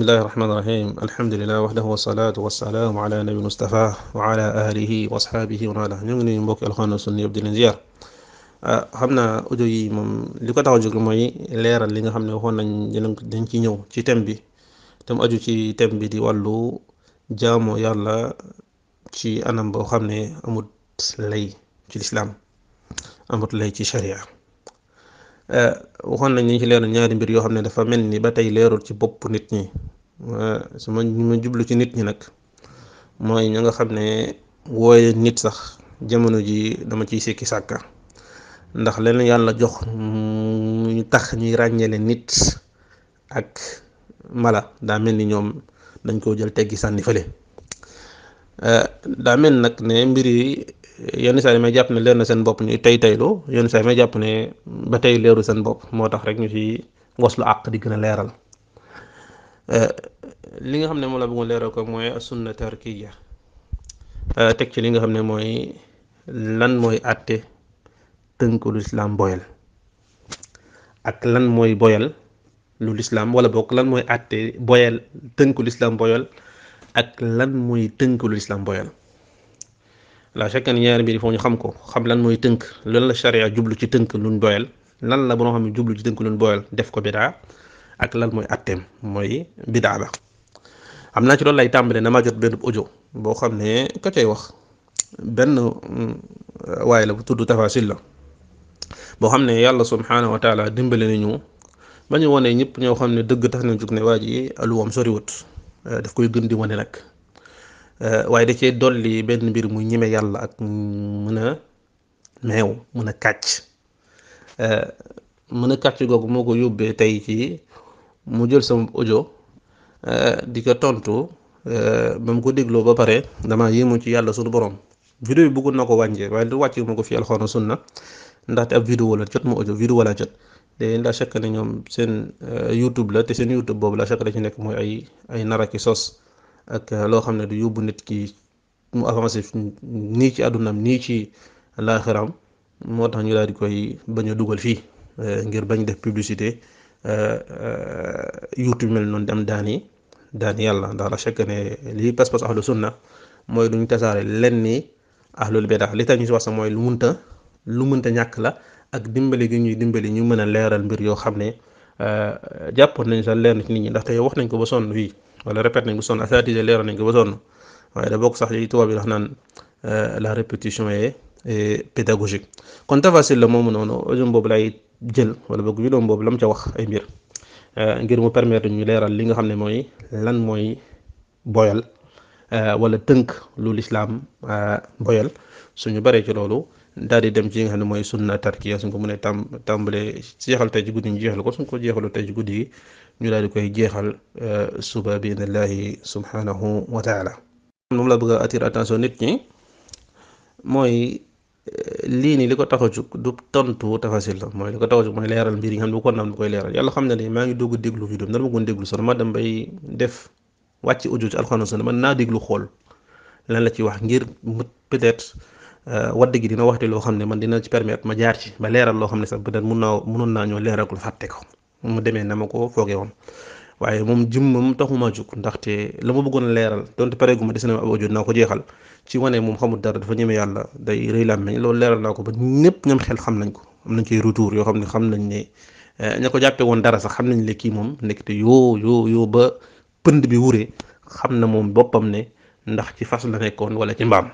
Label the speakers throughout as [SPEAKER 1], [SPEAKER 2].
[SPEAKER 1] بسم الله الرحمن الرحيم الحمد لله وحده والصلاة والسلام على نبي المصطفى وعلى آله وأصحابه ونالا نمني مبوك الخان السنية بدل نزيار خمنا أجوي مم لكو تعود جغل مي لير اللي نخمنا وخونا نجنك دنكي نيو تي تنبي تم أجو تي تنبي دي والو جامو يالا تي أنا مبو خمنا أمود لي تي الإسلام أمود لي تي شريعة Eh, waxoon nañ ñu ci leeral ñaari mbir yoo xam ne dafa mel ni ba tey leerul ci bopp nit ñi eh, su ma ma jublu ci nit ñi nag mooy ñu nga xam ne wooye nit sax jamono ji dama ciy sikki sàkka ndax leen yàlla jox ñu tax ñuy ràññele nit ak mala daa mel ni ñoom dañ koo jël teggi sànni fële eh, daa mel nag ne mbir yi yenn saa yi may jàpp ne leer na seen bopp ñu tey teylu yenn saa yi may jàpp ne ba tey leeru seen bopp moo tax rek ñu ci waslu àq di gën a leeral eh, li nga xam ne moom la bëggoon leeral ko mooy sunna tarkiya eh, teg ci li nga xam ne mooy lan mooy àtte tënku lu islaam boyal ak lan mooy boyal lu wala bokk lan mooy àtte boyal tënku lu ak lan mooy tënku lu islaam boyal la chakkan ñaari mbir foo ñu xam ko xam lan mooy tënk lan la charia jublu ci tënk luñ doyal lan la boo xam ne jublu ci tënk luñ doyal def ko bidaa ak lan mooy atteem mooy bidaa ba am naa ci lool lay tàmbali damaa jot benn audio boo xam ne ka cay wax benn mm, waaye la bu tudd tafasil la boo xam ne yàlla subhaanahu wa dimbale nañu ba ñu wane ñëpp ñoo xam ne dëgg tax na jug ne waa ji aluwam soriwut daf koy gën di wane nag. waaye da cee dolli benn mbir mu ñeme yàlla ak mën a meew mën a kàcc mën a kàcc googu moo ko yóbbee tey ci mu jël sama audio di ko tontu ba mu ko dégloo ba pare dama yéemu ci yàlla sunu borom vidéo yi bëggoon na ko wàññee waaye lu wàcc ma ko fi alxuraan sunna ndaxte ab vidéo la jot ma audio vidéo la jot te ndax chaque ne ñoom seen YouTube la te seen YouTube boobu la chaque la ci nekk mooy ay ay naraki sos ak euh, loo xam ne du yóbbu nit ki mu avancé nii ci àddunaam nii ci laaxiram moo tax ñu daal di koy bañ a dugal fii euh, ngir bañ def publicité euh, youtube mel noonu dem daan yi daan yàlla ndax la chaque ne lii pas-pas ahlu sunna mooy duñ tasaare lenn ni ahlul bida li tax ñu si wax sax mooy lu munta lu munta ñàkk la ak dimbali gi ñuy dimbali ñu mën a leeral mbir yoo xam ne jàppoon nañ sax lenn ci nit ñi ndaxte wax nañ ko ba sonn fii wala répète nañ bu sonn asatise leeroon nañ ko ba sonn waaye da bokk sax li tubaab yi wax naan euh, la répétition est pédagogique kon tafasil la moomu noonu ojum boobu lay jël wala boog vidéo boobu la mu ca wax ay mbir euh, ngir mu permettre ñu leeral li nga xam ne mooy lan mooy boyal euh, wala tënk lu lislaam boyal suñu baree ci loolu daal di dem ci nga xam ne mooy sunna tarkiya suñ ko mënee tàmbalee jeexal tey ci guddi ñu jeexal ko suñ ko jeexalu tey ci guddi gi ñu daal di koy jeexal euh, suba bi idnillahi subhanahu wa taala moom la bëgg a attirer attention nit ñi mooy euh, lii nii li ko tax a jóg du tontu tafasil la mooy li ko tax a jóg mooy leeral mbir yi nga xam ne bu ko naan bu koy leeral maa ngi dugg déglu vidéo bi nan ma ko déglu sax def wàcc audio ci alxuraan sax dama naa déglu xool lan la ci wax ngir peut-être euh, wadd gi dina waxte loo xam ne man dina ci permettre ma jaar ci ba leeral loo xam ne sax peut mun naa munoon naa ñoo leeral ko fàtte ko. mu demee na ma ko foogee woon waaye moom jëm moom taxuma jug ndaxte la ma bëggoon leeral donte pareegu ma des na ma ab audio ko jeexal ci wane moom xamul dara dafa ñeme yàlla day rëy làmmeñ loolu leeral naa ko ba ñëpp ñam xel xam nañ ko am nañ ci retour yoo xam ne xam nañ ne eh, ña ko jàppee woon dara sax xam nañ ne kii moom nekk te yoo yoo yoo ba pënd bi wure xam na moom boppam ne ndax ci fas la nekkoon wala ci mbaam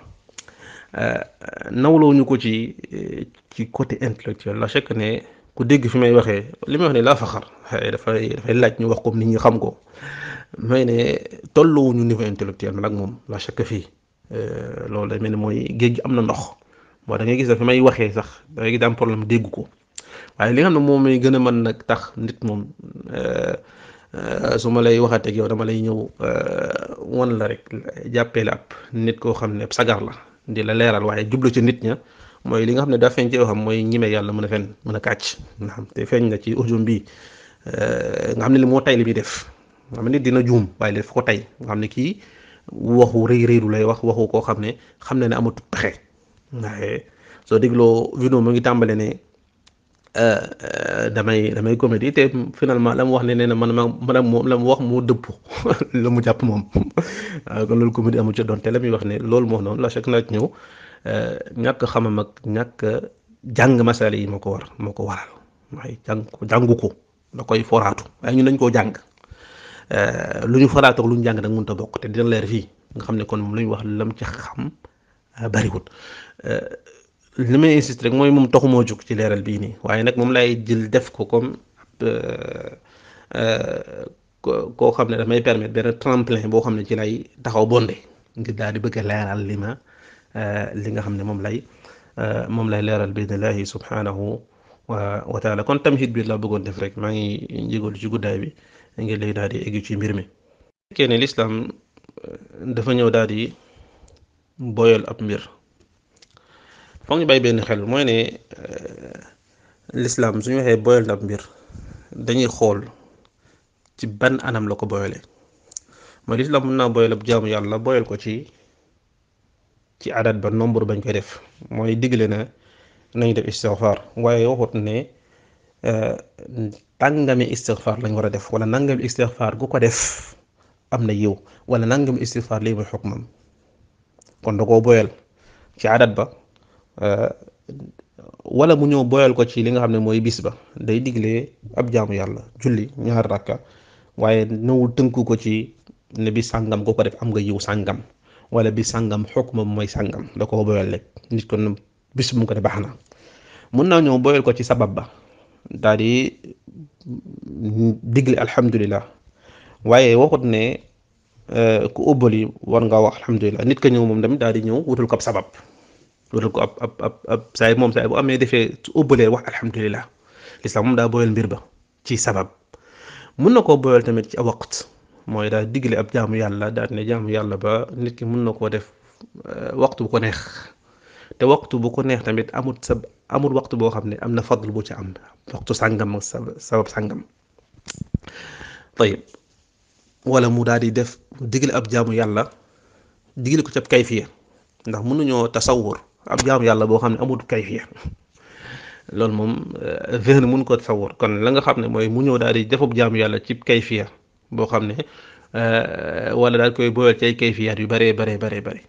[SPEAKER 1] eh, nawloo ñu ko ci eh, ci côté intellectuel la chaque ne ku dégg fi may waxee li may wax ne laa faxar xëy dafay dafay laaj ñu wax ko nit ñi xam ko may ne tolluwuñu niveau intellectuel nag moom la chaque fii loolu day mel ni mooy géej gi am na ndox boo da ngay gis dafa may waxee sax da ngay gis daa am problème dégg ko waaye li nga xam ne moom may gën a mën nag tax nit moom su ma lay waxaat ak yow dama lay ñëw wan la rek jàppee la ab nit koo xam ne ab sagar la di la leeral waaye jublu ci nit ña mooy li nga xam ne daa feeñ ci yoo xam mooy ñime yàlla mën a fen mën a kàcc nga xam te feeñ na ci urjum bi euh, nga xam ne li moo tay li muy def nga xam ne dina juum waaye li def ko xam ne kii waxu rëy lay wax waxu koo xam ne xam na ne amatu pexe waaye soo dégloo mu ngi tàmbale ne euh, euh, damay damay comédie te finalement la mu wax ne nee na man ma moom la mu wax moo dëpp la mu jàpp moom kon loolu comédie amu ci doon te la muy wax ne loolu moo noonu la chaque naa ñëw Euh, ñàkk xamam ak ñàkk jàng masala yi moo ko war moo ko waral waaye jàng jàngu ko da koy foraatu waaye ñun dañ koo jàng euh, lu ñu foraatu ak lu ñu jàng nag mënut a bokk te dina leer fii nga xam ne kon moom la ñu wax lam ci xam euh, bariwul li may rek mooy moom taxumoo moo jug ci leeral bii nii waaye nag moom lay jël def ko comme koo xam ne damay permettre benn tremplin boo xam ne ci lay taxaw bonde ngir daal di bëgg a leeral li li nga xam ne moom lay moom lay leeral bi idnillahi subhanahu wa taala kon tamhid bi la bëggoon def rek maa ngi njégalu ci guddaay bi ngir léegi daal di egg ci mbir mi fekkee ne lislaam dafa ñëw daal di boyal ab mbir foog ñu bàyyi benn xel mooy ne lislaam suñu waxee boyal na ab mbir dañuy xool ci ban anam la ko boyale mooy lislaam mën naa boyal ab jaamu yàlla boyal ko ci ci adat ba nombre bañ koy def mooy digle na nañ def istixfaar waaye waxut ne tàngami euh, istixfaar lañ war a def wala nangami istixfaar gu ko def am na yiw wala nangami istixfaar lii mooy xukmam kon da koo boyal ci adat ba euh, walla mu ñëw boyal ko ci li nga xam ne mooy bis ba day digle ab jaamu yàlla julli ñaar rakka waaye nëwul tënku ko ci ne bi sàngam ko ko def am nga yiw sàngam wala bi sàngam xukmam mooy sàngam da koo boyal rek nit ko bis bu mu ko ne baax na mun naa ñëw boyal ko ci sabab ba daal di digle alhamdulilah waaye waxut ne eh, ku ubbali war nga wax alhamdulilah nit ko ñëw moom tamit daal di ñëw wutul ko ab sabab wutul ko ab ab ab saa moom saa bu amee defee su ubbalee wax alhamdulilah lislaam moom daa boyal mbir ba ci sabab mun na koo boyal tamit ci waqt mooy daal digle ab jaamu yàlla daal ne jaamu yàlla ba nit ki mun na koo def euh, waxtu bu ko neex te waxtu bu ko neex tamit amul sa amul waxtu boo xam ne am na fadl bu ci am waxtu sàngam ak sabab sàngam tayib wala mu daal di def digle ab jaamu yàlla digle ko ci ab kayfiya ndax mënuñoo tasawur ab jaamu yàlla boo xam ne amul kayfiya loolu moom verne euh, mun koo tasawur kon la nga xam ne mooy mu ñëw daal di defub jaamu yàlla ci kayfiya boo xam ne euh, walla daal koy boole ci ay kayfiyaat yu bare bare bare bare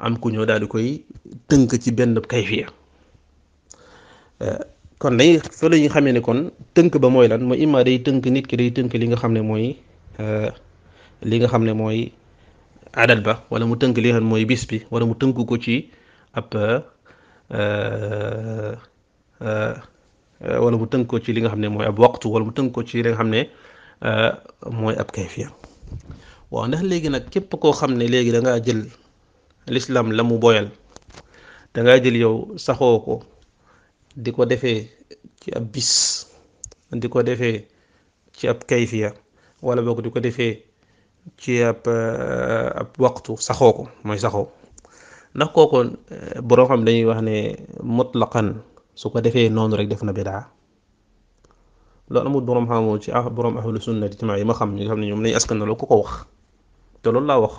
[SPEAKER 1] am ku ñëw daal di koy tënk ci benn kayfiya euh, kon day fa la ñu xamee ne kon tënk ba mooy lan mooy imma day tënk nit ki day tënk li nga xam ne mooy euh, li nga xam ne mooy adat ba wala mu tënk li nga xam ne mooy bis bi wala mu tënk ko ci ab wala mu ci li nga xam ne mooy ab waxtu wala mu tënk ko ci li nga xam ne Euh, mooy ab kayfiya waaw ndax léegi nag képp koo xam ne léegi dangaa jël lislaam la mu boyal da ngaa jël yow saxoo ko di ko defee ci ab bis di ko defee ci ab kayfiya wala boog di ko defee ci ab euh, ab waxtu saxoo ko mooy saxoo ndax kooku euh, borom xam dañuy wax ne mutlaqan su ko defee noonu rek def na bidaa loolu amul borom xamoo ci ah borom ahlu sunna ijtimaa yi ma xam ñi xam ne ñoom lañu askan na la ku ko wax te loolu laa wax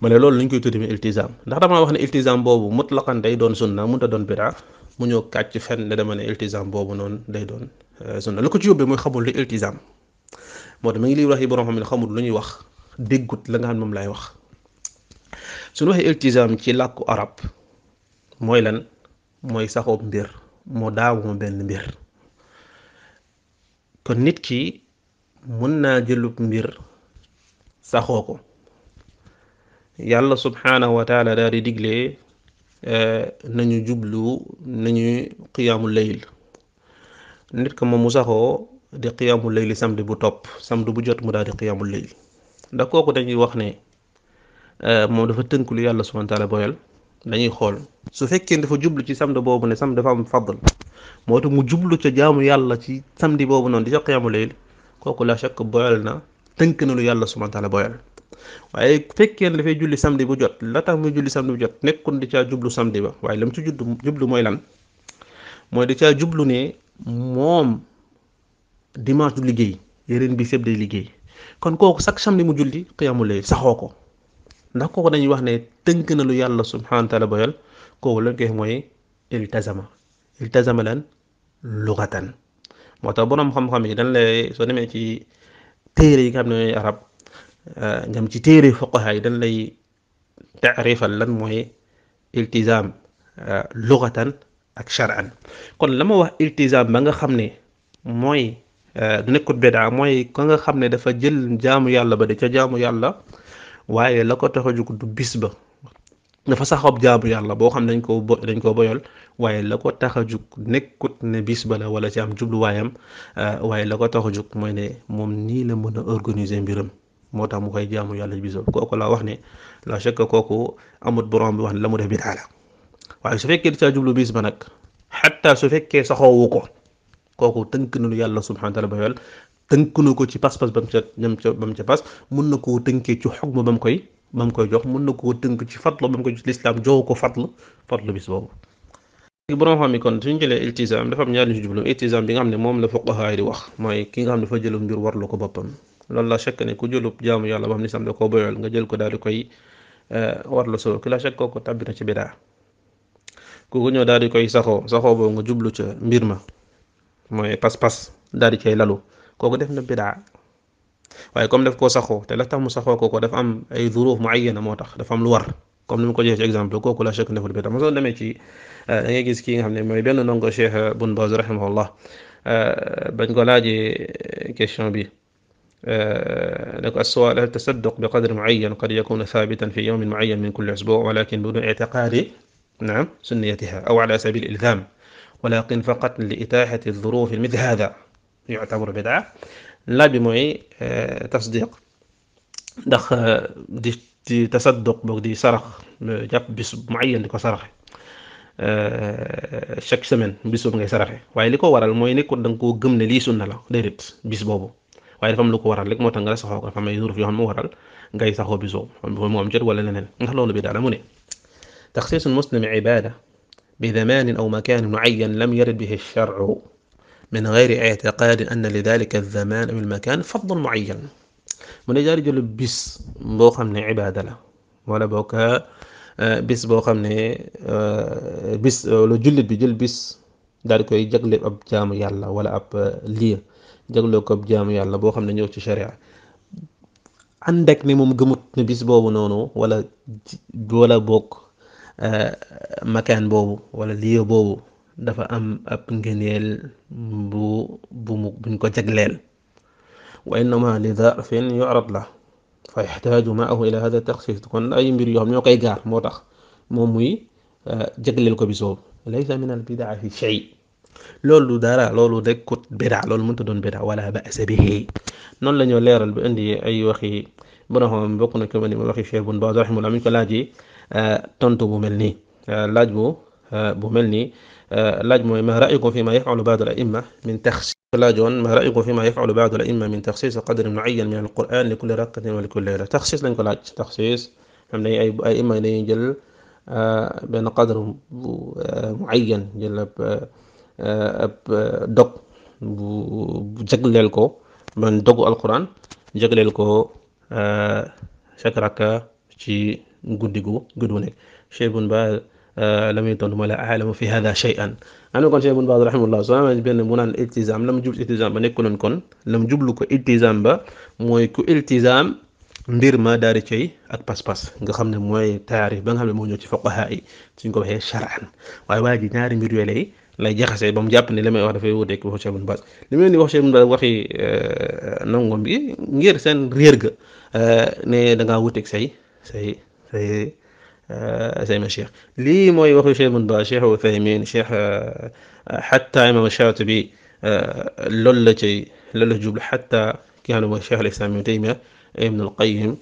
[SPEAKER 1] ma ne loolu lañ koy tuddee iltizaam ndax damaa wax ne iltizaam boobu mutlaqan day doon sunna mënut a doon bidaa mu kàcc fenn ne dama ne iltizaam boobu noonu day doon euh, sunna lu ko ci yóbbee xamul li iltizaam moo tax ma ngi liy wax yi borom ne xamul lu ñuy wax déggut la nga xam moom laay wax suñu waxee iltizaam ci làkku arab mooy lan mooy saxoob mbir moo daawoo benn mbir. kon nit ki mën naa jëlub mbir saxoo ko yàlla subhaanahu wa taala daal di digle eh, nañu jublu nañu qiyaamu layl nit ko moom mu saxoo di qiyaamu layli samedi bu topp samedi bu jot mu daal di qiyaamu layl ndax kooku dañuy wax ne eh, moom dafa tënk lu yàlla subhaanahu wa boyal dañuy xool su fekkee dafa jublu ci samedi boobu ne samedi dafa am fadl moo tax mu jublu ca jaamu yàlla ci samedi boobu noonu di ca qiyaamu layl kooku la chaque boyal na tënk na lu yàlla subhaana taala boyal waaye fekkee ne dafay julli samedi bu jot la tax muy julli samedi bu jot nekkul di caa jublu samedi ba waaye lam ci jublu jublu mooy lan mooy di caa jublu ne moom dimanche du liggéey yeneen bi sëb day liggéey kon kooku chaque samedi mu julli qiyaamu layl saxoo ko. ndax kooku dañuy wax ne tënk na lu yàlla subhanahu wa taala boyal kooku lañ koy mooy iltazama iltazama lan luxatan moo tax boroom xam-xam yi dañ lay soo demee ci téere yi xam ne ñooy ñam euh, ci téere fuqaha yi dañ lay taarifal lan mooy iltizam euh, luxatan ak charan kon la ma wax iltizam ba nga xam ne mooy du euh, nekkut bidaa mooy ka nga xam ne dafa jël jaamu yàlla ba de ca jaamu yàlla waaye la ko tax a jug du bis ba dafa saxoob jaamu yàlla boo xam dañ koo bo dañ koo boyal waaye la ko tax a jug nekkut ne bis ba la wala ci am jubluwaayam euh, waaye la ko tax a jug mooy ne moom nii la mën a organiser mbiram moo tax mu koy jaamu yàlla bis ba kooku laa wax ne la chèque kooku amut borom bi wax ne la mu def bidaa la waaye su fekkee di caa jublu bis ba nag xatta su fekkee saxoowu ko kooku tënk na lu yàlla subhanahu wa tënk na ko ci pas-pas ba mu ca ñam mun na koo tënkee ci xukma ba mu koy ba mu koy jox mun na koo tënk ci fatlu ba mu koy jox lislaam joxu ko fatlu fatlu bis boobu léegi borom xam mi kon suñu jëlee iltizaam dafa am ñaari ñu jublu iltizaam bi nga moom la fuqaha wax mooy ki nga xam ne dafa jëlub ko boppam loolu la chekk ne ku jëlub jaamu yàlla ba xam ne sam da koo boyal nga jël ko daal di koy euh, warlu solo ki la chekk kooku tàbbi na ci bidaa kooku ñëw daal di koy saxoo saxoo boobu nga jublu ca mbir ma mooy pas-pas daal di cay lalu kooku def na bidaa waaye comme daf koo saxoo te la tax mu saxoo ko ko am ay duruuf muayyana moo tax dafa am lu war comme ni mu ko joxee ci exemple kooku la chek neful bidaa mosoo demee ci da ngay gis ki nga xam ne mooy benn ndongo cheikh bun baz rahimahullah bañ ko laajee question bi لك السؤال هل تصدق بقدر معين قد يكون ثابتا في يوم معين من كل أسبوع ولكن بدون اعتقاد نعم سنيتها أو على سبيل الإلزام ولكن فقط لإتاحة الظروف مثل هذا يعتبر بدعة لا بمعي تصديق دخ دي, دي تصدق بوك دي صرخ جاب بس معين ديكو صرخ chaque semaine bis boobu ngay saraxe waaye li ko waral mooy nekkul da nga koo gëm ne lii sunna la déedéet bis boobu waaye dafa am lu ko waral rek moo tax nga la saxoo ko dafa am ay nuruf yoo xam ne waral ngay saxoo bis boobu moo am jot wala leneen ndax loolu bi daal mu ne taxsiisu muslim ibaada bi damanin aw makanin muayyan lam yarid bihi sharcu من غير اعتقاد أن لذلك الزمان أو المكان فضل معين من جارج البس بوخ من عبادة ولا بوكا آه، بس بوخ من آه، بس آه، لو جلد بجل بس دارك يجعل أب جام يالله ولا أب لير يجعل أب جام يالله بوخ من نيوتش شريعة عندك نموم جمط نبيس بوبو نونو ولا ولا بوك مكان بوبو ولا لي بوبو dafa am ab ngëneel bu bu mu buñ ko jagleel wa innama li darfin yurad la fa yahtaju maahu ila hada taxsis kon ay mbir yo xam ñoo koy gaar moo tax muy jagleel ko bisoo laysa min al bida fi shay lolou dara lolou de ko bida lolou loolu ta don bida wala basa bihi non lañu leral bu indi ay waxi borom bokku na ko bani ma waxi cheikh bun rahimu rahimahullah mi ko laaji yi tontu bu melni nii laaj bu bu melni nii لاج ما رايكم فيما يفعل بعض الائمه من تخصيص لاجون ما رايكم فيما يفعل بعض الائمه من تخصيص قدر معين من القران لكل ركعه ولكل ليله تخصيص لنكو لاج تخصيص نعم، اي ائمه اللي يجل آه، بين قدر معين جل ب آه، دوك جغللكو من دوغ القران جغللكو آه، شكرك شي غوديغو غدو شيخ بن la muy tontu mooy la aalama fi hada shay'an am na kon Cheikh Ibn Baz rahimahullah soo amee benn mu naan iltizam la mu kon la jublu ko iltizam ba mooy ku iltizam mbir ma daal di coy ak pas-pas nga xam ne mooy taarif ba nga xam ne moo ñëw ci fuqaha yi suñ ko waxee charan waaye waa ji ñaari mbir yooyu lay lay jaxase ba mu jàpp ne li may wax dafay wuteek waxu Cheikh Ibn Baz li may wax Cheikh Ibn Baz waxi euh, nangoom bi ngir seen réer ga euh, ne da wuteek say say زي آه، شيخ لي ما يوخي شيء من شيخ وثيمين شيخ آه، حتى بي الشاطبي آه، لولجي لولج جبل حتى كانوا شيخ الإسلام ابن تيمية ابن القيم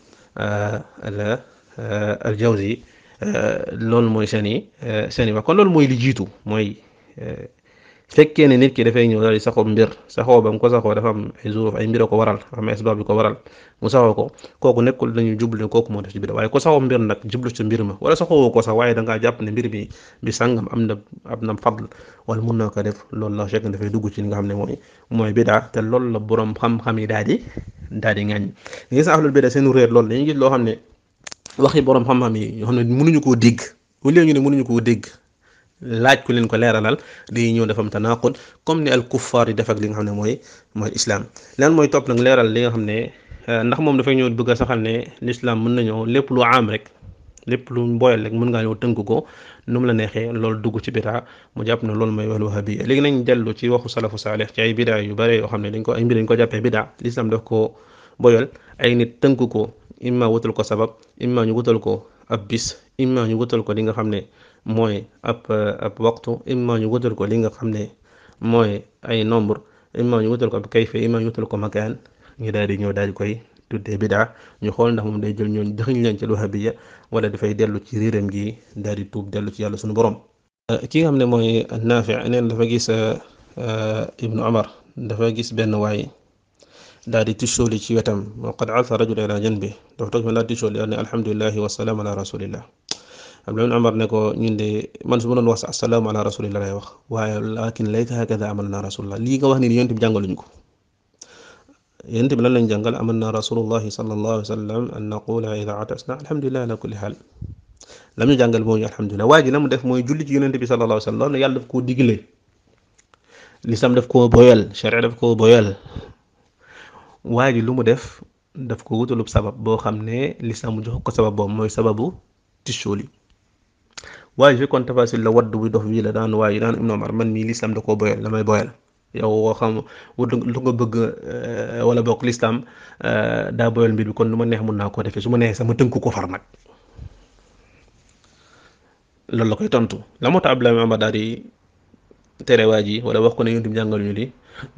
[SPEAKER 1] الجوزي لول موي سني سني وكل لول موي لجيتو موي fekkee ne nit ki dafay ñëw daal di saxoo mbir saxoo ba mu ko saxoo dafa am ay zuruuf ay mbir ko waral am ay asbaab bi ko waral mu saxoo ko kooku nekkul dañu jublu ne kooku moo def ci biir waaye ko saxoo mbir nag jublu ci mbir ma wala saxoo ko sax waaye da jàpp ne mbir bi bi sàngam am na am na fadl wala mun na ko def loolu la fekk dafay dugg ci xam ne mooy mooy bidaa te loolu la borom xam yi daal di daal di ŋaññi gis nga ahlul bidaa seen réer loolu dañuy gis loo xam ne waxi borom xam-xam yi yoo xam mënuñu koo dégg wala ñu ne mënuñu koo dégg laaj ku leen ko leeralal day ñëw dafa am tanaaqud comme ni al kuffaar yi def ak li nga xam ne mooy mooy islam lan mooy topp nag leeral li nga xam ne eh, ndax moom dafay ñëw bëgg a saxal ne l'islam mën na ñëw lépp lu am rek lépp lu mboyal rek mën ngaa ñëw tënk ko nu mu la neexee loolu dugg ci bidaa mu jàpp na loolu mooy wal wahabiya léegi nañ dellu ci waxu salafu saalih ci ay bidaa yu bare yoo xam ne dañ ko ay mbir dañ ko jàppee bidaa l'islam daf ko boyal ay nit tënk ko imma wutal ko sabab imma ñu wutal ko ab bis imma ñu wutal ko li nga xam ne mooy ab ab waxtu imma ñu wutal ko li nga xam ne mooy ay nombre imma ñu wutal ko ab kayfa imma ñu wutal ko makaan ñu daal di ñëw daal di koy tuddee bidaa ñu xool ndax moom day jël ñoon dëxiñ leen ci wahabiya wala dafay dellu ci réeram gi daal di tuub dellu ci yàlla suñu borom ki nga xam ne mooy naafi neen dafa gis eh, ibnu omar dafa gis benn waay daal di tisóoli ci wetam wa qad alta rajul ila janbi dafa toog ma daal tisóoli daal ne alhamdulilahi wasalaamu ala rasulillah Abdullah ibn Umar ne ko ñun de man su ma doon wax assalaamu ala rasulillah lay wax waaye lakin laysa hakada amal na rasulullah lii nga wax nii yonent bi jàngaluñ ko yonent bi lan lañ jàngal amal na rasulullahi sallallahu alayhi wa sallam an naqula ida atasna alhamdulilah ala kulli xaal lam ñu jàngal ji la mu def mooy julli ci yonent bi sallallahu alayhi wa sallam yàlla daf koo digle lislam daf koo boyal sharia def koo boyal waa lu mu def def ko wutalub sabab boo xam ne lislam mu jox ko sabab boom mooy sababu tisóoli waaye fekkoon tafasil la wadd buy dox bii la daan waaye daan Ibnu Umar man mii lislaam da koo boyal damay boyal yow woo xam lu nga bëgg euh, wala bokk lislaam euh, daa boyal mbir bi kon lu ma neex mun naa koo defee su ma neexee sama tënku ko far nag loolu la koy tontu la moo tax Abdoulaye Omar daal di tere waa ji wala wax ko ne yonent bi jàngal ñu li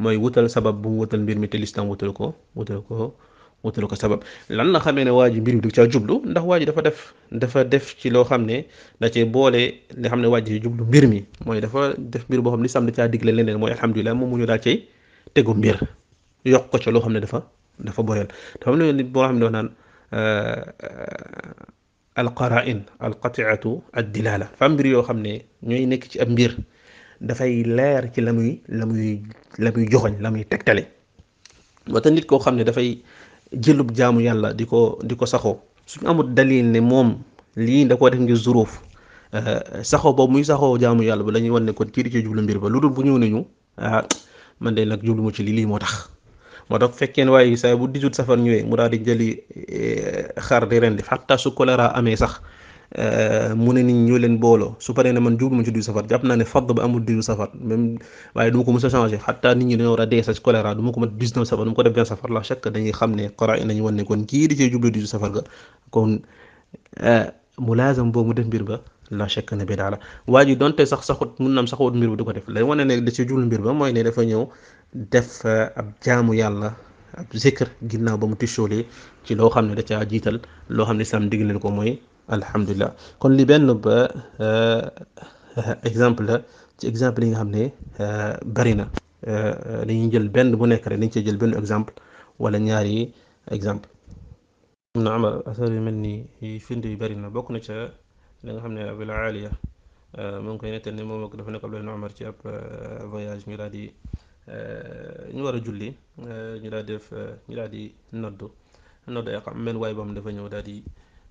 [SPEAKER 1] mooy wutal sabab bu mu wutal mbir mi te lislaam wutal ko wutal ko wutalu ko sabab lan la xamee ne waa ji mbir bi du caa jublu ndax waa dafa def dafa def ci loo xam ne da cee boole li xam ne waa ji jublu mbir mi mooy dafa def mbir boo xam ne lisam da caa digle leneen mooy alhamdulilah moom mu ñu daal cay tegu mbir yokk ko ca loo xam ne dafa dafa boreel dafa am nit boo xam ne naan alqara'in alqati'atu addilala fa mbir yoo xam ne ñooy nekk ci ab mbir dafay leer ci la muy la muy la muy joxoñ la muy tegtale wata nit koo xam ne dafay jëlub jaamu yàlla di ko di ko saxoo suñu amul dalil ne moom lii da koo def ngir zuruuf eh, saxoo boobu muy saxoo jaamu yàlla ba la ñuy wan ne kon kii di ci jublu mbir ba lu dul bu ñëw nañu ah man de nag jublu mu ci lii lii moo tax moo tax fekkee ne waaye saa bu 18 safar ñëwee mu daal di jëli eh, xar di rendi xatta su choléra amee sax Euh, mu ne nit ñoo leen booloo su paree ne man jublu ma ci diw safar jàpp naa ne fadd ba amul diw safar même waaye du ma ko mos a changé xataa nit ñi dañoo a dee sa choléra du ma ko xam ne ne kon kii di cee jublu diw euh, boobu mu mbir ba la chaque ne bi daala waa ji donte sax saxut mun naam saxut mbir ba du ko def lay wane ne da cee jublu mbir ba mooy ne dafa ñëw def euh, ab jaamu yàlla ab zikr ginnaaw ba mu tisoolee ci loo xam ne da caa jiital loo xam ne islam digal leen ko mooy alhamdulilah kon li benn ba euh, exemple la ci exemple yi nga xam ne euh, bari na euh, dañuy jël benn bu nekk rek dañ cee jël benn exemple wala ñaari exemple am na ama asar yu mel ni find yu bari na bokk na ca li nga xam ne Abul Aliya mu koy nettal ne moom ak ne nekk Abdullah ibn Umar ci ab voyage ñu daal di ñu war a julli ñu daal di ñu daal di noddu noddu ay xam mel waaye bam dafa ñëw daal di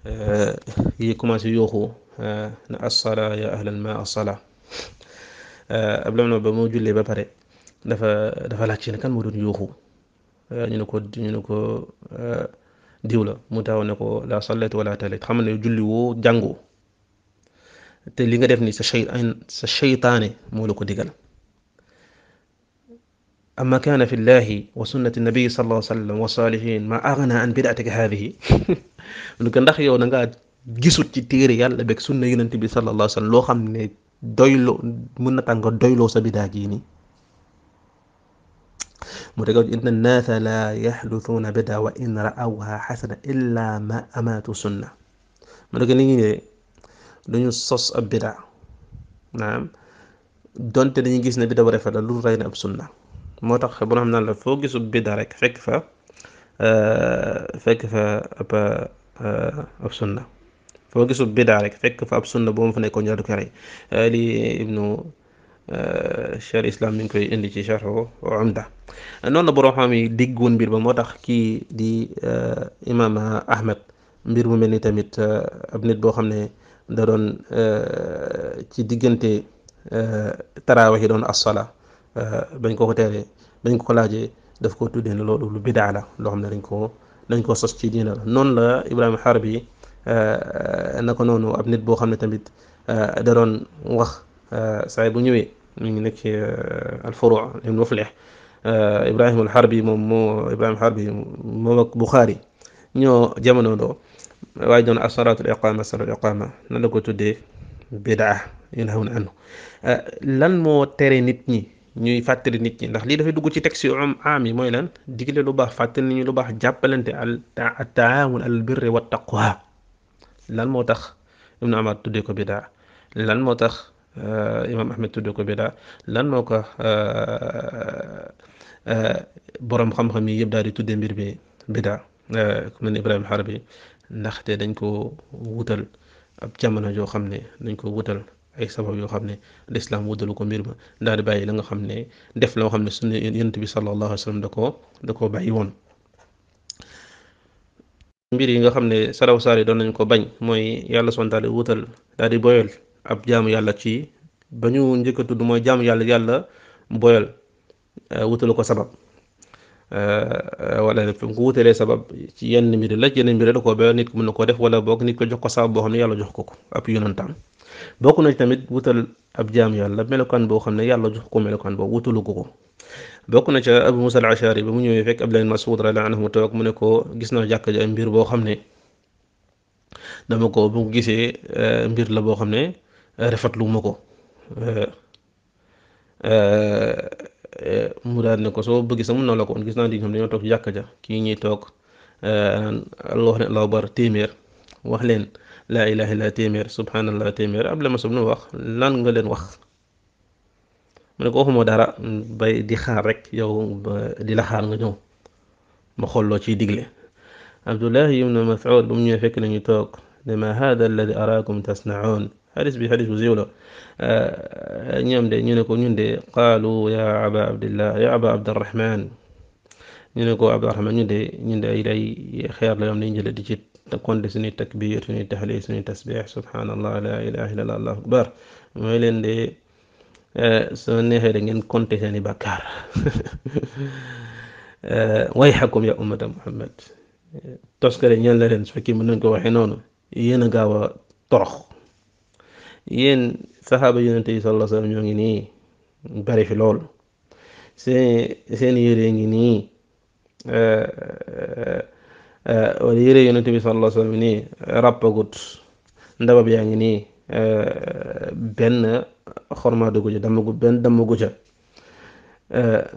[SPEAKER 1] آه، يي كوما سي يوخو آه، نا الصلاة يا أهل الماء الصلاة قبل ما نبقى موجود لي بابري دافا دافا لاتشي كان مودون يوخو آه، ني نكو ني نكو ديولا موتاو نكو لا صليت ولا تليت خامنا جولي وو جانغو تي ليغا ديف ني شيطان شيطاني مولوكو ديغال أما كان في الله وسنة النبي صلى الله عليه وسلم وصالحين ما أغنى عن بدعتك هذه mu ko ndax yow da nga gisut ci téere yàlla bek sunna yonente bi sallallahu alayhi wasallam loo xam ne doyloo mun na tànga doyloo sa bidaa jii nii mu tegaw inna annaasa la yaxduthuuna bida wa in raawha xasana illa ma amaatu sunna mu ne ni ngi ne dañu sos ab bidaa naam donte dañuy gis ne bida bu rafet la lu rey na ab sunna moo tax bu xam naa la foo gisu bida rek fekk fa fekk fa ab ab sunna foo gisul bidaa rek fekk fa ab sunna boo ma fa nekkoon ñaar du ko rey lii ibnu cheikh islam mi ngi koy indi ci charhu amda noonu la borom xam yi diggoon mbir ba moo tax kii di imam ahmed mbir mu mel ni tamit ab nit boo xam ne da doon ci diggante taraawa yi doon assola bañ ko ko teeree bañ ko ko laajee daf ko tuddee ne loolu lu bidaa la loo xam ne dañ ko dañ ko sos ci diina la noonu la Ibrahima Harbi euh, euh, naka noonu ab nit boo xam ne tamit euh, da wax saay bu ñëwee mu ngi nekk ci alfuru ibn muflih Ibrahima Harbi moom moo Ibrahima Harbi moom ak Bukhari ñoo jamono doo doon asaratul iqama la ko tuddee bidaa yunhawna anhu lan moo tere nit ñi. ñuy fàttali nit ñi ndax lii dafay dugg ci texte yu am yi mooy lan digle lu baax fàttali nit ñi lu baax jàppalante al taawun al birri wa taqwa lan moo tax ibnu amar tuddee ko bidaa lan moo tax imam ahmed tuddee ko bidaa lan moo ko borom xam-xam yi yëpp daal di tuddee mbir bi bidaa ku mel ni ibrahima xarabi ndaxte dañ ko wutal ab jamono joo xam ne dañ ko wutal ay sabab yoo xam ne lislaam wuddalu ko mbir ma daal di bàyyi la nga xam ne def la nga xam ne sunna yonent bi sallallahu alayhi wa sallam da koo da koo bàyyi woon mbir yi nga xam ne saraw saar yi doon nañ ko bañ mooy yàlla son daal wutal di boyal ab jaamu yàlla ci ba njëkk tudd mooy jaamu yàlla yàlla boyal euh, wutalu ko sabab euh, wala ko wutalee sabab ci yenn mbir la yenn mbir la ko mën na koo def wala boog nit ko jox ko sabab boo xam ne yàlla jox ko ko ab yonantaam bokk na ci tamit wutal ab jaam yàlla melokaan boo xam ne yàlla jox ko melokaan boobu wutalu ko ko bokk na ca abu musa al ashari ba mu ñëwee fekk abdulaay masud radiyallaahu anhu mu toog mu ne ko gis naa jàkk mbir boo xam ne dama ko gisee eh, mbir la boo xam ne eh, rafetlu ma ko eh, mu daal ne ko soo bëgg sa mun na la ko woon gis naa di ñoom dañoo toog jàkk ja kii ñuy toog naan allah ne allahu téeméer wax leen laa ilaha illa téeméer subhanallah téeméer ab la ma sub nu wax lan nga leen wax mu ne ko waxuma dara bay di xaar rek yow di la xaar nga ñëw ma xolloo ciy digle abdullahi ibnu mas'ud ba mu ñëwee fekk nañu toog ne ma hada alladi araakum tasnaun xadis bi xadis bu siiw la ñoom de ñu ne ko ñun de qaalu ya aba abdillah ya aba abdirahman ñu ne ko abdirahman ñun de ñun de ay day xeer la yoom dañ jële di ci compte suñuy takbir suñuy tahlil suñuy tasbih subhanallah la ilaha illallah allahu akbar mooy leen de eh, soo neexee da ngeen compte seeni bàkkaar eh, wayhakum ya ummata muhammad toskare ñeen la leen su fekkee mën nañ ko waxee noonu yéen a gaaw a torox yéen saxaaba yonente yi sallallahu alayhi wasallam ñoo ngi nii bari fi lool seen seen ngi nii eh, Eh, wala yére yonent bi sallallahu alayhi wa sallam nii eh, ràppagut yaa ngi nii eh, benn xormaa dugg ca damagu benn damagu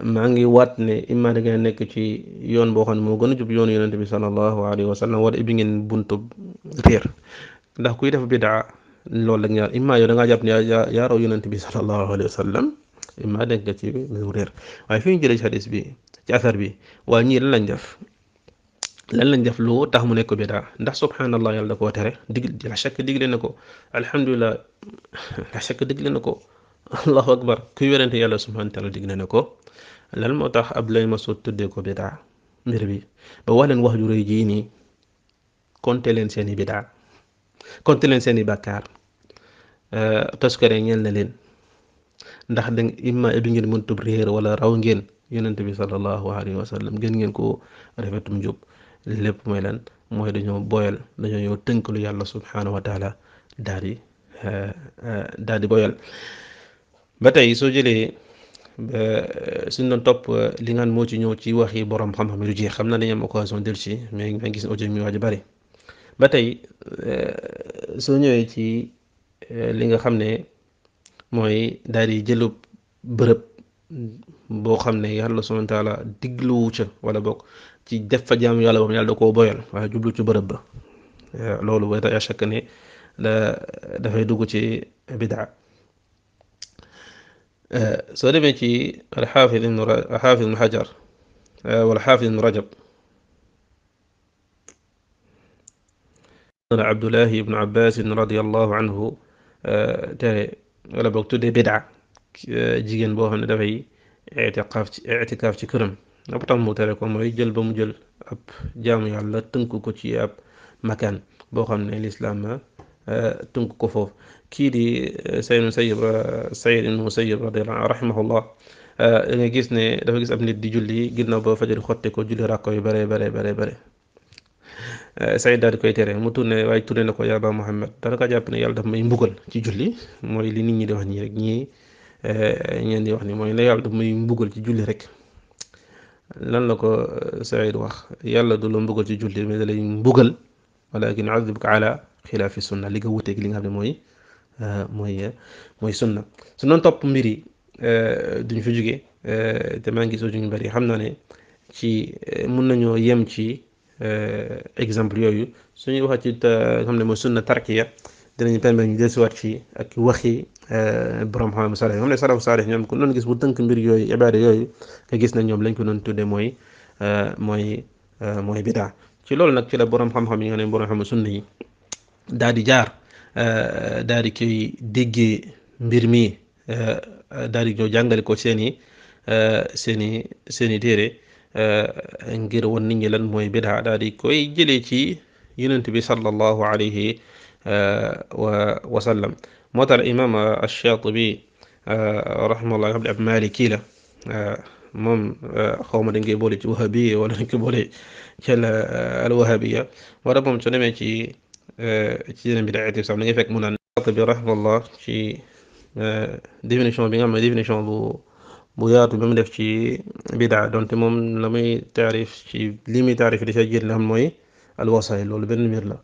[SPEAKER 1] maa ngi waat ni imma da ngeen nekk ci yoon boo xam ne moo gën a jub yoonu yonent bi sallallahu alayhi wa sallam ngeen buntub ndax kuy def bidaa loolu la ñaar imma yow da ngaa jàpp ne yaa raw yonent bi sallallahu alayhi wa sallam imma denk ci réer waaye fi ñu jëlee ci hadis bi ci asar bi waaye ñii lañ def lan lañ def lu tax mu nekk bida ndax subhanallah yàlla da koo tere dig la chak digle na ko alhamdulilah la chak digle na ko allahu akbar kuy werante yàlla subhanahu taala digle na ko lan moo tax ma masud tuddee ko bida mbir bi ba wax leen wax ju rëy jii nii konte leen seen i bidaa konte leen seen i bàkkaar toskare ñeel na leen ndax da imma du ngeen mën tub réer wala raw ngeen yonente bi sallallahu alayhi wa sallam gën ngeen ko rafetum jub lépp mooy lan mooy dañoo boyal dañoo ñëw tënk yàlla subhaanahu wa taala eh, eh, daal di boyal ba tey soo jëlee eh, suñ doon topp li ngaan moo ci ñëw ci wax yi borom xam-xam du jeex xam na dañu am occasion del ci mais ma gis audio mi a bari ba tey soo ñëwee ci li nga xam ne mooy daal di jëlu bërëb boo xam ne yàlla subhaanahu wa taala digluwu ca wala bokk ci def fa jaamu yàlla bam yàlla da koo boyal waaye jublu ci bërëb ba loolu way ta shakk ne da dafay dugg ci bidaa soo demee ci alxaafid ibnu alxaafid ibnu xajar wala xaafid ibnu rajab na abdullahi ibnu ibn radiallahu anhu tere wala boog tuddee bida jigéen boo xam ne dafay itikaaf ci itikaaf ci këram ab tam bu tere ko mooy jël ba mu jël ab jaamu yàlla tënk ko ci ab makaan boo xam ne lislaam euh, tënk ko foofu kii di euh, sayd musayyib euh, sayd ibn musayyib radiyallahu rahimahullah da nga gis ne dafa gis nit di julli ginnaaw ba fajar xotti ko julli ràkko yu bare bare bare bare Saïd daal di koy tere mu tourné waaye tourné na ko yàlla ba Muhammad dana ko jàpp ne yàlla dafa may mbugal ci julli mooy li nit ñi di wax nii rek ñii ñeen di wax ni mooy ne yàlla daf may mbugal ci julli rek lan la ko euh, Saïd wax yàlla du la mbugal ci julli mais da lay mbugal walakin azabuka ala xilaafi sunna li nga wuteeg li nga xam ne mooy euh, mooy euh, mooy sunna su noon topp mbir yi duñ fi juge te maa ngi soo ñu bari xam naa ne ci mun nañoo yem ci exemple yooyu suñuy wax ci xam ne mooy sunna tarkiya dinañu permettre ñu dellusiwaat ci ak waxi euh, borom xam-xam salih moom ne salafu salih ñoom gis bu tënk mbir yooyu ibaada yooyu gis na ñoom lañ ko doon tuddee mooy euh, mooy euh, mooy bidaa ci loolu nag ci la xam-xam yi nga ne borom xam sunna yi daal di jaar daal di koy déggee mbir mi daal di jàngale ko seen i seen i seen i téere ngir won nit lan mooy bidaa daal koy jële ci yonent bi sallallahu alayhi آه، وسلم مات الإمام الشاطبي رحمه الله قبل آه، مالكي مم خوما دنجي بولي وهابية ولا دنجي كلا الوهابية وربما تنمي كي كي بدعة تسعون يفك من الشاطبي رحمه الله كي ديفني bi nga ديفني ne بو bu bu yaatu ba mu def ci bidaa donte moom la muy taarif ci li الوسائل والبن ميرلا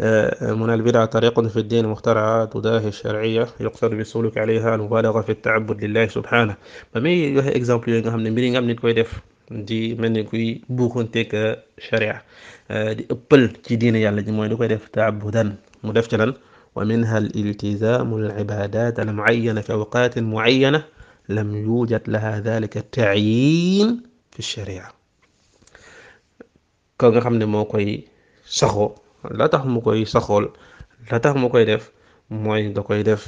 [SPEAKER 1] آه، من البدع طريق في الدين مخترعة تداهي الشرعية يقصد بسلوك عليها المبالغة في التعبد لله سبحانه فمي يوهي اكزامبل يوهي نغام نميري نغام نتكوي ديف دي من كوي بوخون تيك شريعة آه، دي ابل جي دين يالا جي موين نكوي ديف تعبدا مدفجلا ومنها الالتزام العبادات المعينة في أوقات معينة لم يوجد لها ذلك التعيين في الشريعة كون خامني موكوي saxoo la tax mu koy saxool la tax mu koy def mooy da koy def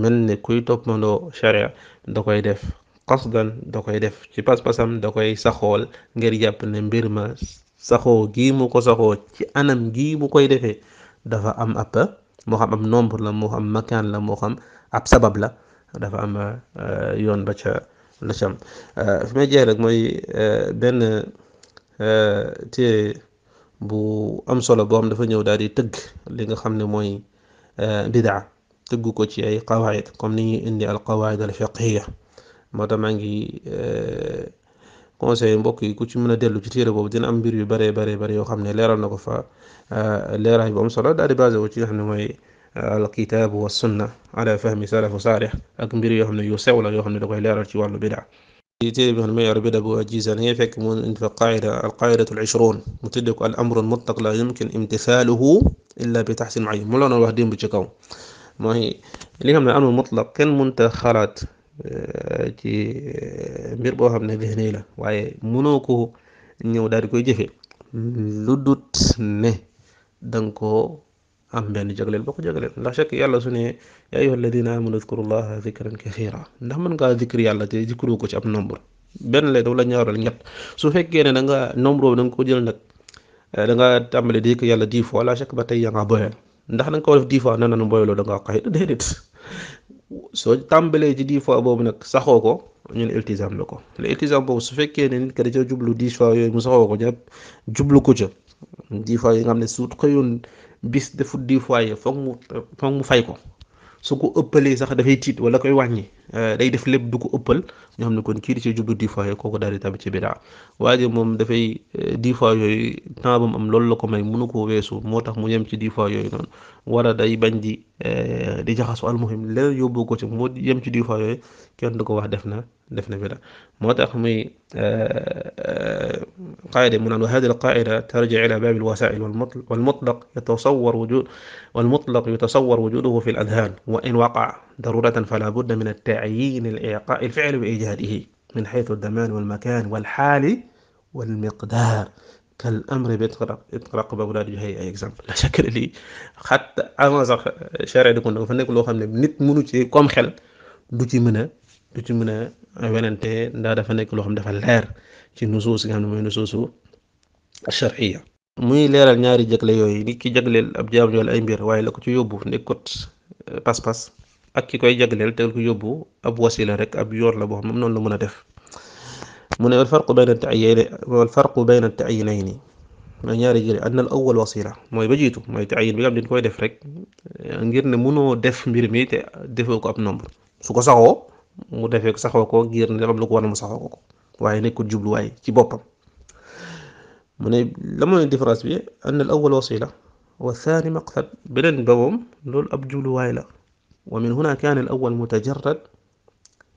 [SPEAKER 1] mel ni kuy toppandoo sharia da koy def qasdan da koy def ci pas-pasam da koy saxool ngir jàpp ne mbir ma saxoo gii mu ko saxoo ci anam gii mu koy defee dafa am ab moo xam am nombre la moo xam makaan la moo xam ab sabab la dafa am euh, yoon ba ca la cam euh, fi may jeex rek mooy euh, benn téere bu am solo boo xam dafa ñëw daal di tëgg li nga xam ne mooy euh, bidaa tëgg ko ci ay qawaid comme ni ñuy indi al qawaid al fiqhiya moo tax maa ngi euh, conseil mbokk yi ku ci mun a dellu ci téere boobu dina am mbir yu bare bare bare yoo xam ne leeral na ko fa euh, leeraay bu am solo daal di basé wu ci nga xam ne mooy al kitaabu wa sunna ala fahmi salafu saalih ak mbir yoo xam ne yu sew la yoo xam ne dakoy leeral ci wàllu bidaa تيمه المعربي أبو أجيزان هي فيكمون أنت في القاعدة القاعدة العشرون متدك الأمر المطلق لا يمكن امتثاله إلا بتحسين معين مولانا الوهدين بجكاو ما هي ليهم الأمر المطلق كان منتخلات آه، جي آه، ميربوها من ذهنيلة وعي منوكو إني وداركو جفي لدوت مه دنكو أم بين جغلل بقو جغلل لا شك يالله سنة yaa ayyuha alladina amanu adkurullaha dikran kathira ndax mën ngaa dikr yàlla te dikroo ko ci ab nombre benn lay daw la ñaaral ñett su fekkee ne da nga nombre boobu da ko jël nag eh, da nga tàmbali di dikr yàlla dix fois la chaque ba tey yaa ngaa boyal ndax da nga ko na nanu boyaloo da ngaa soo tàmbalee ci dix fois boobu nag saxoo ko ñun iltisam la ko le iltisam boobu su fekkee ne nit ka ca jublu di fois yooyu mu saxoo ko ñëpp jublu ko ca di fois yi nga xam ne su xëyoon bis defut dix fois yi foog mu foog mu fay ko su ko ëppalee sax dafay tiit wala koy wàññi euh, day def lépp du ko ëppal ñoo xam ne kon kii di ci jublu dix kooku daal di tabi ci bidaa waaye moom dafay euh, dix fois yooyu temps ba mu am loolu la ko may mënu koo weesu moo tax mu yem ci dix fois yooyu noonu wala day bañ di euh, di jaxasu almuhim leneen yóbbu ko ci moo yem ci dix fois yooyu kenn du ko wax def na دفن بلا مواد أخمي آه، آه، قاعدة من هذه القاعدة ترجع إلى باب الوسائل والمطلق يتصور وجود والمطلق يتصور وجوده في الأذهان وإن وقع ضرورة فلا بد من التعيين الإعقاء الفعل بإيجاده من حيث الزمان والمكان والحال والمقدار كالامر بيتقرق بغداد جهي اي اكزامبل لا شك لي حتى انا صح شارع دي كون فنك لو خامني نيت منو سي كوم خيل دو منا du ci mëna a wenante ndaa dafa nek lo xam dafa lèr ci nusus nga xam moy mooy nusuusu muy léral ñaari jëkle yoy nit ki jëglel ab jaam yool ay mbir waye la ko ci yóbbu nekkut pass pass ak ki koy jëglel te ko yóbbu ab wasila rek ab yor la bo xam non la mëna def mu ne alfarqu bayna tayin alfarqu bayna tayinayni mooy ñaari jëri adna al awwal wasila moy ba jitu moy tayin bi nga xam koy def rek ngir ne mëno def mbir mi te defoo ko ab nombre su ko saxoo mu defé ko saxoo ko ngir ni am lu ko war mu saxoo ko waaye nekkul jubluwaay ci boppam mu ne la mooy différence bi an al awwal wasila wa thani maqsad beneen ba lol ab djublu jubluwaay la wa min huna kan al awwal mutajarrad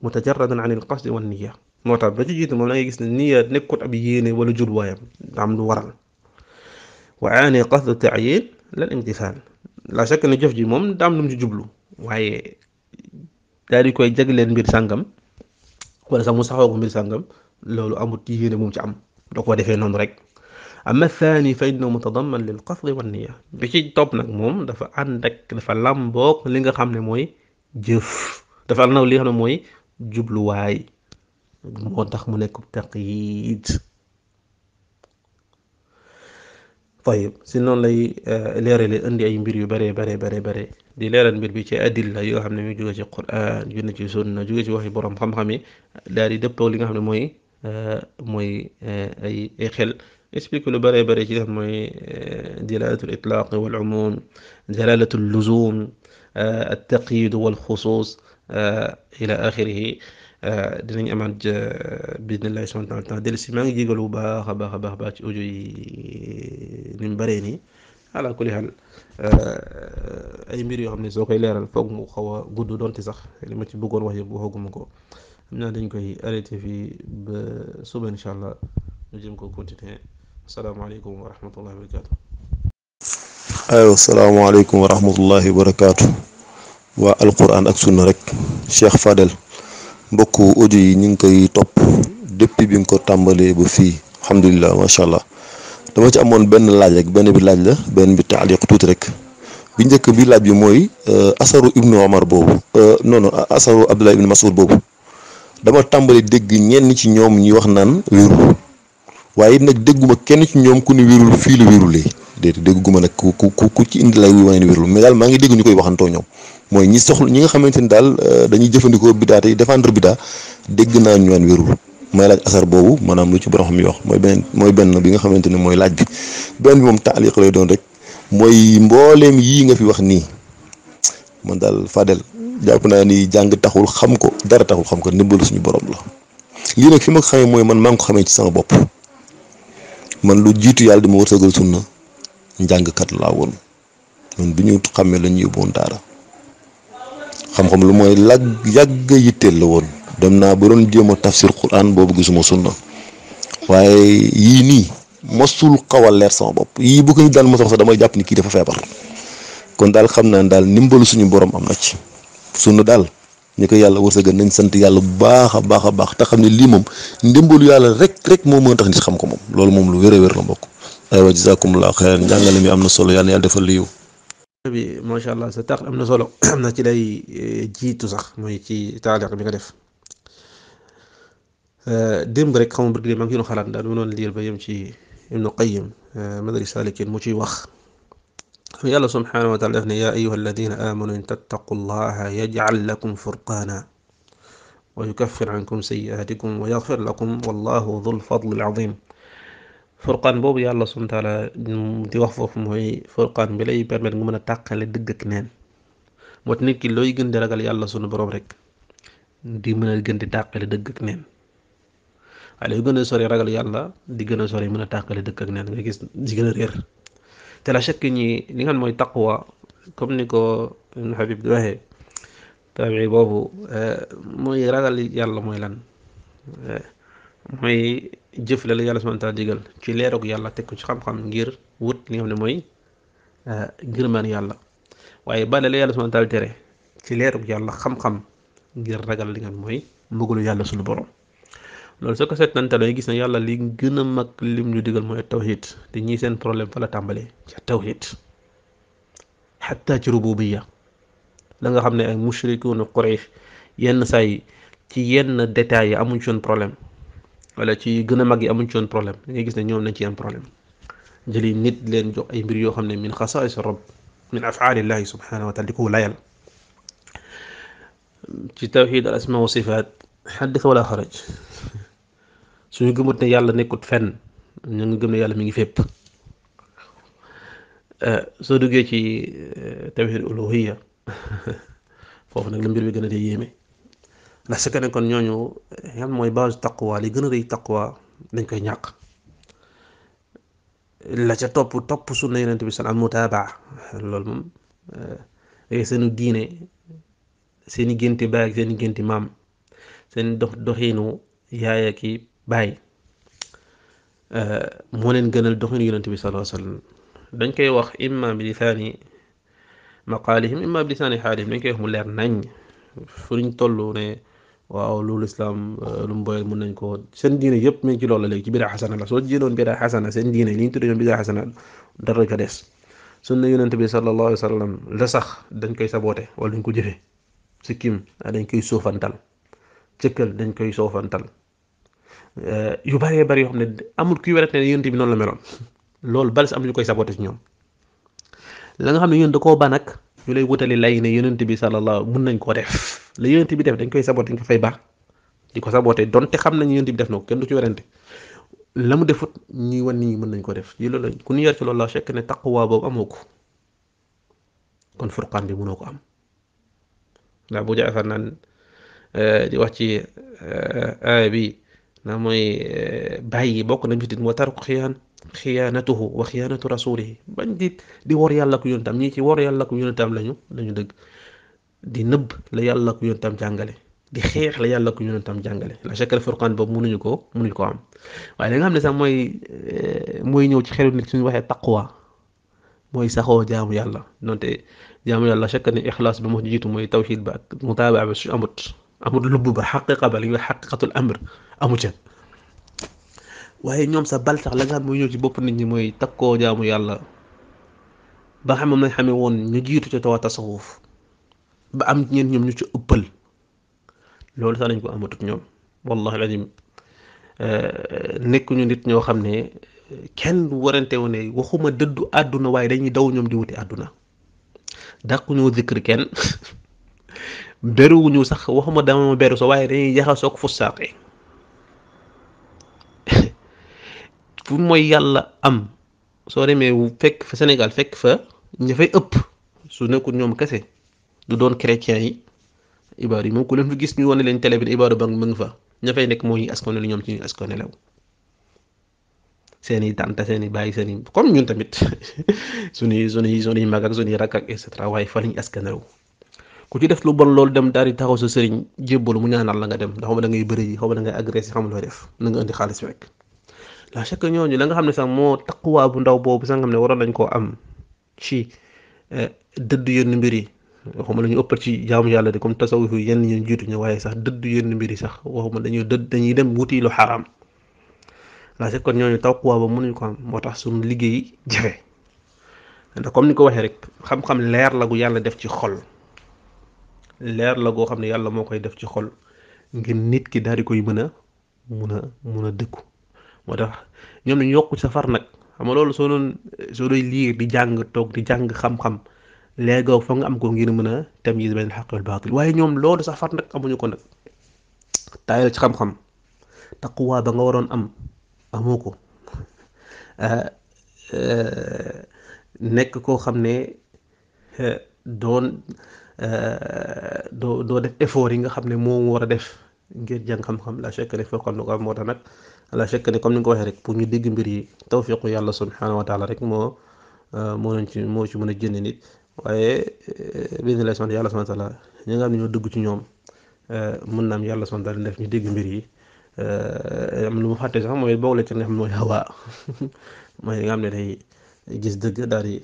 [SPEAKER 1] mutajarrad an al qasd wa niyya mota ba ci jitu moom la ngay gis ni niyya nekkut ab yene wala jubluwaayam am lu waral wa aani qasdu ta'yin lan imtithal la shak ni jëf ji mom dam lu mu ci jublu daal di koy jagleen mbir sàngam wala sax mu saxoo ko mbir sàngam loolu amut yéene moom ci am da koo defee noonu rek amma thani fa innahu mutadaman lil qasdi wan niya bi ci topp nag moom dafa ànd ak dafa làmboog li nga xam ne mooy jëf dafa ànd li nga xam ne mooy jubluwaay moo tax mu nekk taqyid طيب سنون لي ليرى لي عندي أي مبير يبرى يبرى يبرى يبرى دي ليرى مبير بيجي أدلة يو هم نمي جوا جي القرآن جو نجي سنة جوا جي وحي برام خم خمي داري دب تولين هم نموي موي أي إخل إسبيك لو بري بري جدا موي دلالة الإطلاق والعموم دلالة اللزوم التقييد والخصوص إلى آخره آه dinañ amaat bisimilah subhanahu wa taala dellu si maa ngi jégalu bu baax a baax a baax baax ci audio yi ni mu bëree nii ala kulli xal ay mbir yoo xam ne soo koy leeral foog mu xaw a gudd donte sax li ma ci bëggoon wax yëpp waxaguma ko xam naa dañ koy arrêté fii ba suba incha allah ñu jëm ko continuer asalaamaaleykum wa rahmatullahi wa barakaatu.
[SPEAKER 2] aywa salaamaaleykum wa rahmatullahi wa barakaatu. waa alquran ak sunna rek Cheikh Fadel. mbokk audio yi ñu ngi koy topp depuis bi nga ko tàmbalee ba fii alhamdulilah macha allah dama ci amoon benn laaj rek benn bi laaj la benn bi taaliq tuuti rek bi njëkk bi laaj bi mooy euh, asaru ibnu omar boobu euh, non non asaru abdullah ibnu masud boobu dama tàmbali dégg ñenn ci ñoom ñi wax naan wérul waaye nag dégguma kenn ci ñoom ku ni wérul fii la wérulee déedéet dégguma nag ku ku ku ci indi lay wuy wane mais daal maa ngi dégg ñu koy waxantoo ñoom moy ñi soxlu ñi nga xamanteni dal euh, dañuy jëfëndiko bidaa yi défendre bidaa dégg na ñu ñaan wérul moy laj asar bobu manam lu ci borom xam yi wax moy benn mooy benn bi nga xamanteni moy laj bi benn bi lay doon rek moy mbooleem yi nga fi wax ni man dal Fadel japp na ni jang taxul xam ko dara taxul xam ko ndimbalu suñu borom la li nak fi ma xamé moy man mang ko xamé ci sama bop man lu jitu yalla dama wërsegal sunna jang kat la won man biñu xamé lañuy la dara xam-xam lu mooy lag yàgg yitteel la woon dem naa ba doon jéem a tafsir quran boobu gisuma sunna waaye yii nii masul xaw leer sama bopp yii bu ko ñu daal mos sax jàpp ni kii dafa feebar kon daal xam naa daal ndimbalu suñu borom am na ci sunna daal ñu ko yàlla wërsëgal nañ sant yàlla bu baax a baax a baax te xam ne lii moom ndimbalu yàlla rek rek moo mën a tax ko moom loolu moom lu wér a wér mbokk aywa jazaakumullahu njàngale mi am na solo yàlla na liiw
[SPEAKER 1] bi macha allah sa tax am na solo amna ci lay jitu sax moy ci taliq bi nga def euh démb rek xamu bëgg ma ngi ñu xalaat da mu doon liir ba yem ci ibn qayyim madarij saalikin mu ci wax yàlla subhanahu wa taala def ne yaa ayuha alladina amanu in tattaqullaha yaj'al lakum furqana wa yukaffir ankum sayyi'atikum wa yaghfir lakum wallahu dul fadli alazim furqaan boobu yàlla subhaanahu wa taala di wax foofu mooy furqaan bi lay permettre nga mën a tàqale dëgg ak neen moo tax nit ki looy gën di ragal yàlla sunu boroom rek di mën a gën di tàqale dëgg ak neen waaye gën a sori ragal yàlla di gën a sori mën a tàqale dëgg ak neen nga gis di gën a réer te la chakk ñi li nga xam mooy taqwa comme ni ko ibn Habib di waxee tabii boobu eh, mooy ragal yàlla mooy lan eh, mooy jëfle la la yàlla subhanahu wa taala digal ci leerug yàlla teg ko ci xam-xam ngir wut li nga xam ne mooy euh, ngërmaan yàlla waaye bàyyi la yàlla subhanahu wa taala tere ci leerug yàlla xam-xam ngir ragal li nga xam mooy mbugalu yàlla suñu borom loolu soo ko seetlante dañuy gis ne yàlla li gën a mag lim ñu digal mooy tawhid di ñii seen problème fa la tàmbalee ci tawhid xatta ci rububiya la nga xam ne ay quraish yenn saa ci yenn détails yi amuñ seen problème wala ci gëna mag yi amuñ ci woon problème da ngay gis ne ñoom nañ ci am problème jëli nit leen jox ay mbir yoo xam ne min xasaais rab min llahi subhanahu wa taala di ko layal ci tawhid al asma wa sifat xaddis wala xaraj suñu gëmut ne yàlla nekkut fenn ñu ngi gëm ne yàlla mi ngi fépp soo duggee ci tawhid uluhiya foofu nag la mbir bi gën a dee yéeme ndax su ko kon ñooñu yan mooy base taqwa li gën a rëy taqwa dañ koy ñàkk la ca topp topp sunna yonent bi sal al mutaabaa loolu moom léegi eh, seenu diine seeni génti baay ak seeni génti maam seen dox doxiinu yaay ak i eh, moo leen gënal doxiinu yonent bi sallallahu alayhi wa sallam dañ koy wax imma bi lisaani maqaalihim imma bi lisaani xaalihim dañ koy wax mu leer nañ fu ñu ne waaw loolu islam euh, lu mu boyal mën nañ ko seen diine yëpp mi ci loolu la léegi ci bidaa xasana la soo jëloon bidaa xasana seen diine li ñu tuddee ñoom bidaa xasana dara ko des sunna yonent bi sallallahu alayhi wa sallam la sax dañ koy saboote wala duñ ko jëfee sikkim ah, dañ koy soofantal cëkkal dañ koy soofantal euh, yu baree bëri yoo xam ne amul kuy werante ne yonent bi noonu la meloon loolu bal si am ñu koy saboote ci ñoom la nga xam ne yéen da koo ba nag ñu lay wutali lay ne yonent bi sallallahu mun nañ koo def la yonent bi def dañ koy saboté dañ ko fay baax di ko saboté donte xam nañ yonent bi def na ko kenn du ci la mu defut ñuy wan nit ñi mën nañ ko def yi loolu ku ñu loolu laa fekk ne taqwa boobu amoo ko kon furqaan bi mënoo ko am ndax bu jaafar naan eh, di wax ci eh, aaya bi na mooy eh, bàyyi bokk na bitit moo taru xiyaan خيانته وخيانة رسوله بندي دي وور يالا كو يونتام ني تي وور يالا كو يونتام لا نيو دي نب لا يالا كو يونتام جانغالي دي خير لا يالا كو يونتام جانغالي لا شك الفرقان بوب مونو نيو كو مونو كو ام واي ليغا خامني سا موي موي نيو تي خيرو نيت سوني واخي تقوى موي ساخو جامو يالا نونتي جامو يالا شك ني اخلاص بمو جيتو موي توحيد باك متابعه بس امبوت امبوت لوبو بحقيقه بل حقيقه الامر امو waaye ñoom sa bal sax la nga xam mooy ñëw ci bopp nit ñi mooy takkoo jaamu yàlla ba xam moom lañ xamee woon ñu jiitu ci tawa tasawuf ba am ñeen ñoom ñu ci ëppal loolu sax lañ ko amatut ñoom wallahi alazim eh, nekkuñu nit ñoo xam ne kenn warante wu ne waxuma dëddu àdduna waaye dañuy daw ñoom di wuti àdduna dàquñu zikr kenn beruwuñu sax waxuma dama beru so waaye dañuy jaxasoo soo fu saaqi ëpp mooy yàlla am soo demee fekk fa Sénégal fekk fa ña ëpp su nekkul ñoom kese du doon chrétien yi ibaadu yi moom ku leen fi gis ñu wane leen télé bi ne ibaadu ba mu ngi fa ña fay nekk moo ñuy askanelu ñoom ci ñuy askanelew seen i tànta seen i bàyyi seen i comme ñun tamit suñuy suñuy suñuy mag ak suñuy rakk ak et cetera waaye fa lañ askanelew ku ci def lu bon loolu dem daal di taxaw sa sëriñ jébbalu mu ñaanal la nga dem ndax xaw ma da ngay bëri yi xaw ma ngay agressé xamul loo na nga indi xaalis la chaque ñooñu la nga xam ne sax moo taqwaa bu ndaw boobu sax nga xam ne waroon nañ koo am ci eh, dëdd yenn mbir yi waxuma la ñu ëppal ci jaamu yàlla de comme tasawuf yenn ñu jiitu ñu sax dëdd yenn mbir yi sax waxuma dañuy dëdd dañuy dem wuti lu xaraam la chaque ñooñu taqwaa ba mënuñ ko am moo tax suñu liggéey jafe ndax comme ni ko waxee rek xam-xam leer la yàlla def ci xol leer la goo xam ne yàlla moo koy def ci xol ngir nit ki daal di koy mën a mun a mun a dëkku. moo tax ñoom dañu yokku sa far nag xam nga loolu soo doon soo doy liir di jàng toog di jàng xam-xam léegoo foog nga am ko ngir mën a tamyiz bayna al-haqq wal baatil waaye ñoom loolu sa far nag amuñu ko nag taayal ci xam-xam taqwa ba nga waroon am amoo ko euh, euh, nekk koo xam ne euh, doon doo doo def effort yi nga xam ne moom war a def ngir jàng xam-xam la fekk ne foo xam ne moo tax nag la fekk ne comme ni nga ko waxee rek pour ñu dégg mbir yi tawfiqu yàlla subhaanahu wa taala rek moo euh, moo leen ci moo ci mën a jënd nit waaye euh, bismillah subhaanahu yàlla subhaanahu wa taala ñoo dugg ci ñoom euh, mën na yàlla subhaanahu wa def ñu dégg mbir yi am lu mu fàtte sax mooy boole ci nga xam ne mooy xam ne day gis dëgg daal di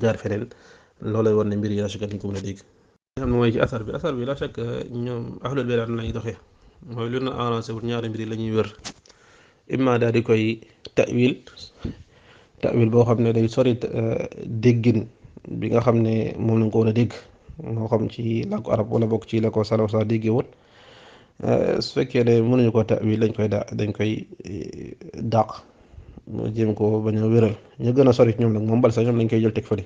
[SPEAKER 1] jaar feneen loolu war na mbir yi la fekk ni ko mën a dégg. li xam ne mooy ci asar bi asar bi la fekk ñoom ahlul bida lañuy doxee. mooy lu na arrangé wul ñaari mbir yi la ñuy wër imma daal di koy tawil tawil boo xam ne dañ sori eh, déggin bi nga xam ne moom lañ ko war a dégg moo xam ci làkku arab wala bokk ci la ko salaw sa déggee woon eh, su fekkee ne mënuñu ko tawil dañ koy da dañ koy eh, dàq mu jéem ko bañ a wéral ñu gën a sori ñoom nag moom bal sax ñoom lañ koy jël teg fële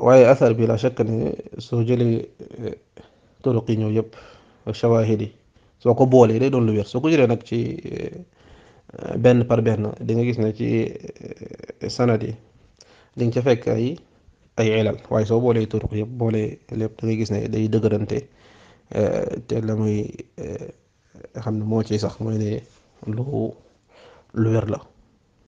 [SPEAKER 1] waaye asar bi la chakk ne soo jëlee turuq yi ñëw yëpp ak shawahid soo ko boolee day doon lu wér soo ko jëlee nag ci euh, benn par benn di nga gis ne ci euh, sanad yi di nga ca fekk ay ay ilal waaye soo boolee turuq yëpp boolee lépp da ngay gis ne day dëgërante euh, te la muy xam ne moo ciy sax mooy ne lu lu wér la